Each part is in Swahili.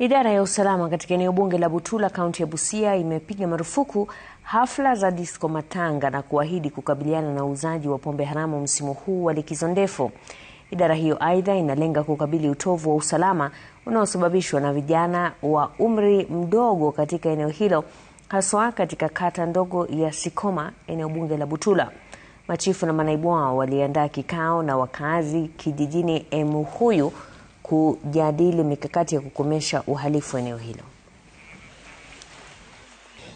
Idara ya usalama katika eneo bunge la Butula kaunti ya Busia imepiga marufuku hafla za disco matanga na kuahidi kukabiliana na uuzaji wa pombe haramu msimu huu wa likizo ndefu. Idara hiyo aidha inalenga kukabili utovu wa usalama unaosababishwa na vijana wa umri mdogo katika eneo hilo haswa katika kata ndogo ya Sikoma, eneo bunge la Butula. Machifu na manaibu wao waliandaa kikao na wakazi kijijini Emuhuyu kujadili mikakati ya kukomesha uhalifu eneo hilo.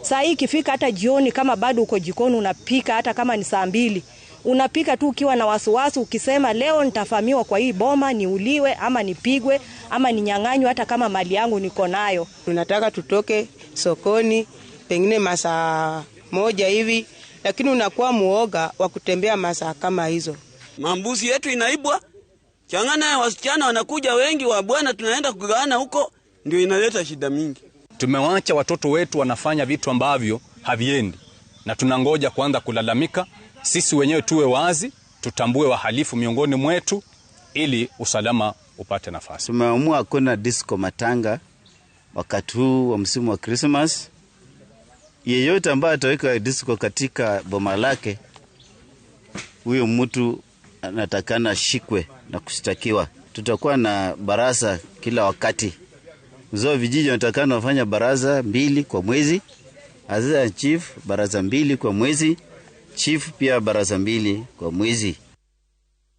Saa hii ikifika hata jioni, kama bado uko jikoni unapika, hata kama ni saa mbili unapika tu ukiwa na wasiwasi, ukisema leo nitafamiwa kwa hii boma, niuliwe ama nipigwe ama ninyang'anywe, hata kama mali yangu niko nayo. Tunataka tutoke sokoni pengine masaa moja hivi, lakini unakuwa muoga wa kutembea masaa kama hizo. Mambuzi yetu inaibwa changana, wasichana wanakuja wengi wa bwana, tunaenda kugawana huko, ndio inaleta shida mingi. Tumewacha watoto wetu wanafanya vitu ambavyo haviendi, na tunangoja kuanza kulalamika. Sisi wenyewe tuwe wazi, tutambue wahalifu miongoni mwetu ili usalama upate nafasi. Tumeamua kuna disco matanga wakati huu wa msimu wa Christmas. Yeyote ambaye ataweka disco katika boma lake, huyo mtu anatakana shikwe na kushtakiwa. Tutakuwa na baraza kila wakati. Mzee vijiji wanatakana wafanya baraza mbili kwa mwezi, azia chief baraza mbili kwa mwezi, chief pia baraza mbili kwa mwezi.